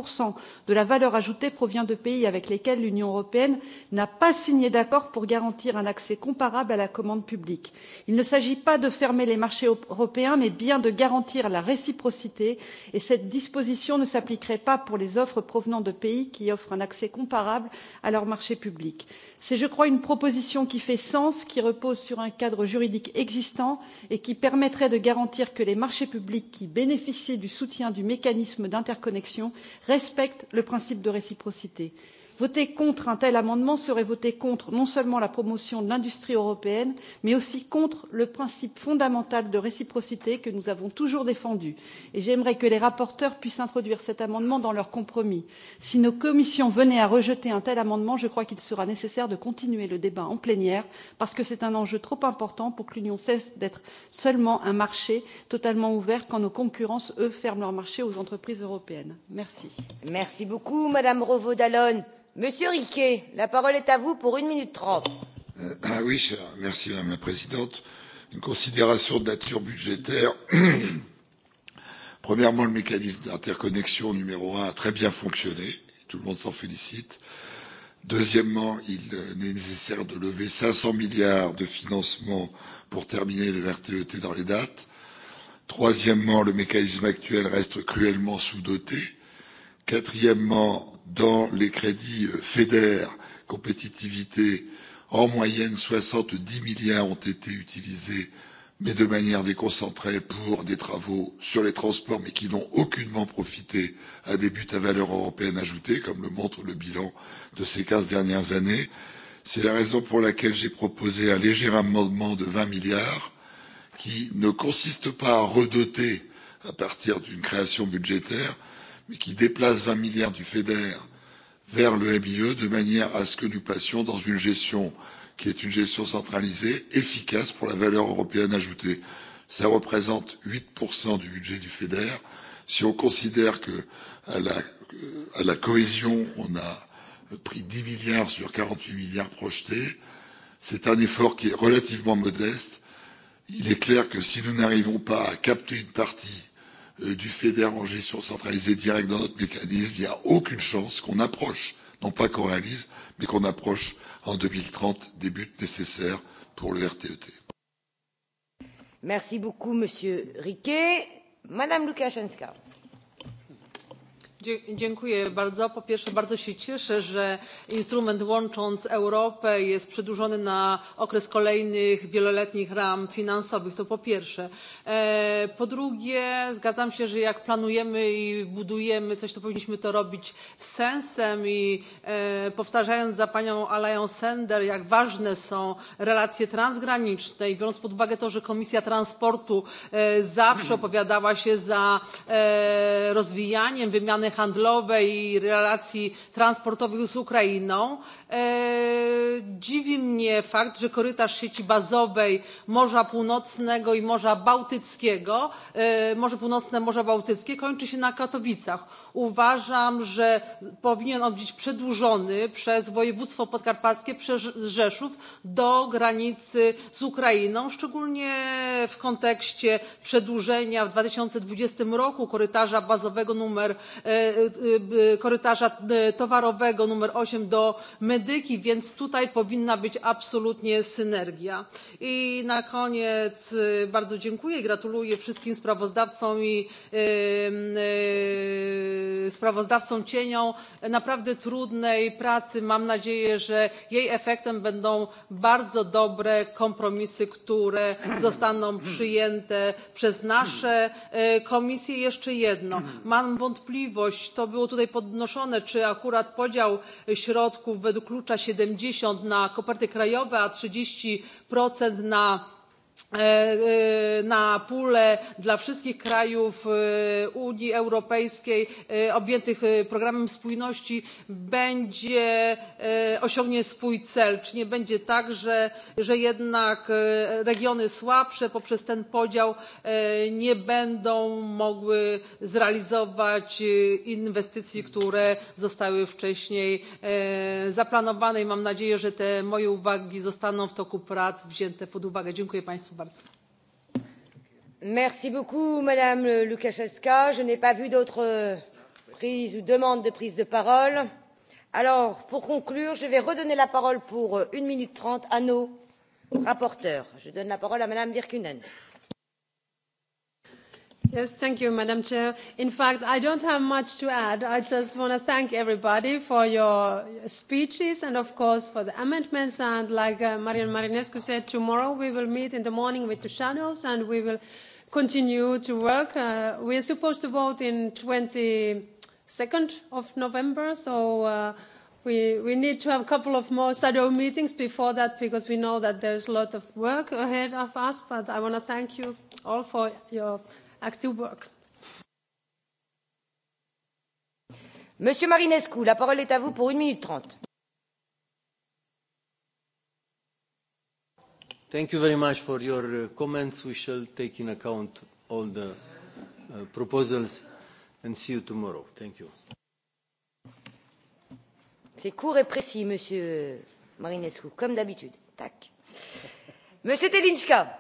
de la valeur ajoutée provient de pays avec lesquels l'union européenne n'a pas signé d'accord pour garantir un accès comparable à la commande publique. il ne s'agit pas de fermer les marchés européens mais bien de garantir la réciprocité et cette disposition ne s'appliquerait pas pour les offres provenant de pays qui offrent un accès comparable à leurs marchés publics. c'est je crois une proposition qui fait sens qui repose sur un cadre juridique existant et qui permettrait de garantir que les marchés publics qui bénéficient du soutien du mécanisme d'interconnexion respectent le principe de réciprocité voter contre un tel amendement serait voter contre non seulement la promotion de l'industrie européenne mais aussi contre le principe fondamental de réciprocité que nous avons toujours défendu et j'aimerais que les rapporteurs puissent introduire cet amendement dans leur compromis. si nos commissions venaient à rejeter un tel amendement je crois qu'il sera nécessaire de continuer le débat en plénière parce que c'est un enjeu trop important pour que l'union cesse d'être seulement un marché totalement ouvert quand nos concurrents eux ferment leur marché aux entreprises européennes. merci. merci beaucoup madame revaud Monsieur Riquet, la parole est à vous pour une minute trente. Euh, ah merci Madame la Présidente. Une considération de nature budgétaire. Premièrement, le mécanisme d'interconnexion numéro un a très bien fonctionné. Tout le monde s'en félicite. Deuxièmement, il euh, est nécessaire de lever 500 milliards de financement pour terminer le RTET e dans les dates. Troisièmement, le mécanisme actuel reste cruellement sous-doté quatrièmement dans les crédits euh, feder compétitivité en moyenne soixante dix milliards ont été utilisés mais de manière déconcentrée pour des travaux sur les transports mais qui n'ont aucunement profité à des buts à valeur européenne ajoutée comme le montre le bilan de ces quinze dernières années. c'est la raison pour laquelle j'ai proposé un léger amendement de 20 milliards qui ne consiste pas à redoter à partir d'une création budgétaire mais qui déplace 20 milliards du FEDER vers le MIE de manière à ce que nous passions dans une gestion qui est une gestion centralisée, efficace pour la valeur européenne ajoutée. Ça représente 8% du budget du FEDER. Si on considère que à la, à la cohésion, on a pris 10 milliards sur 48 milliards projetés, c'est un effort qui est relativement modeste. Il est clair que si nous n'arrivons pas à capter une partie Euh, du FEDER en gestion centralisée directe dans notre mécanisme, il n'y a aucune chance qu'on approche, non pas qu'on réalise, mais qu'on approche en 2030 des buts nécessaires pour le RTET. E Merci beaucoup, Monsieur Riquet. Madame Lukashenska. Dziękuję bardzo. Po pierwsze bardzo się cieszę, że instrument łącząc Europę jest przedłużony na okres kolejnych wieloletnich ram finansowych. To po pierwsze. E, po drugie zgadzam się, że jak planujemy i budujemy coś, to powinniśmy to robić z sensem i e, powtarzając za panią Alają Sender, jak ważne są relacje transgraniczne i biorąc pod uwagę to, że Komisja Transportu e, zawsze opowiadała się za rozwijaniem wymiany handlowej i relacji transportowych z Ukrainą. E, dziwi mnie fakt, że korytarz sieci bazowej Morza Północnego i Morza Bałtyckiego, e, Morze Północne, Morze Bałtyckie kończy się na Katowicach uważam że powinien on być przedłużony przez województwo podkarpackie przez rzeszów do granicy z ukrainą szczególnie w kontekście przedłużenia w 2020 roku korytarza bazowego numer e, e, e, korytarza towarowego numer osiem do medyki więc tutaj powinna być absolutnie synergia. i na koniec bardzo dziękuję i gratuluję wszystkim sprawozdawcom i sprawozdawcą cienią naprawdę trudnej pracy. mam nadzieję że jej efektem będą bardzo dobre kompromisy które zostaną przyjęte przez nasze e, komisje. jeszcze jedno mam wątpliwość to było tutaj podnoszone czy akurat podział środków według klucza siedemdziesiąt na koperty krajowe a trzydzieści na E, e, na pulę dla wszystkich krajów e, unii europejskiej objętych programem spójności będzie osiągnie swój cel czy nie będzie tak że, że jednak regiony słabsze poprzez ten podział nie będą mogły zrealizować inwestycji które zostały wcześniej zaplanowane i mam nadzieję że te moje uwagi zostaną w toku prac wzięte pod uwagę. dziękuję państwu bardzo. Merci beaucoup, Madame Lukaszewska. Je n'ai pas vu d'autres euh, prises ou demandes de prise de parole. Alors, pour conclure, je vais redonner la parole pour euh, une minute trente à nos rapporteurs. Je donne la parole à Madame virkkunen. Yes, thank you, Madam Chair. In fact, I don't have much to add. I just want to thank everybody for your speeches and, of course, for the amendments. And like uh, Marian Marinescu said, tomorrow we will meet in the morning with the shadows and we will continue to work. Uh, we are supposed to vote in 22nd of November, so uh, we, we need to have a couple of more shadow meetings before that because we know that there's a lot of work ahead of us. But I want to thank you all for your active work. Monsieur Marinescu, la parole est à vous pour une minute trente. Thank you very much for your uh, comments. We shall take in account all the uh, proposals and see you tomorrow. Thank you. C'est court et précis, Monsieur Marinescu, comme d'habitude. Tac. Monsieur Telinska.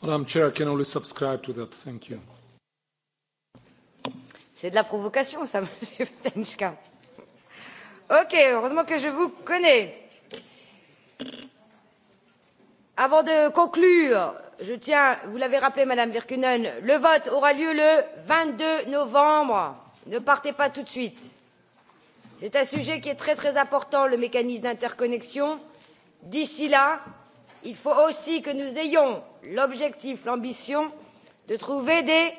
Madam Chair, I only subscribe to that. Thank you. C'est de la provocation, ça, Monsieur Ok, heureusement que je vous connais. Avant de conclure, je tiens, vous l'avez rappelé, Madame Virkunen, le vote aura lieu le 22 novembre. Ne partez pas tout de suite. C'est un sujet qui est très très important, le mécanisme d'interconnexion. D'ici là, il faut aussi que nous ayons l'objectif, l'ambition de trouver des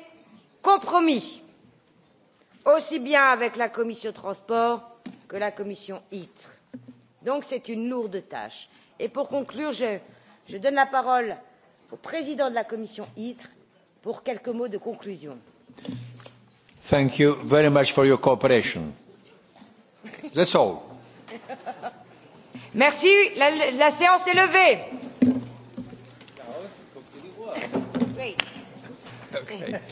compromis, aussi bien avec la commission transport que la commission ITRE. Donc c'est une lourde tâche. Et pour conclure, je, je donne la parole au président de la commission ITRE pour quelques mots de conclusion. Thank you very much for your cooperation. That's all. Merci, la, séance est levée.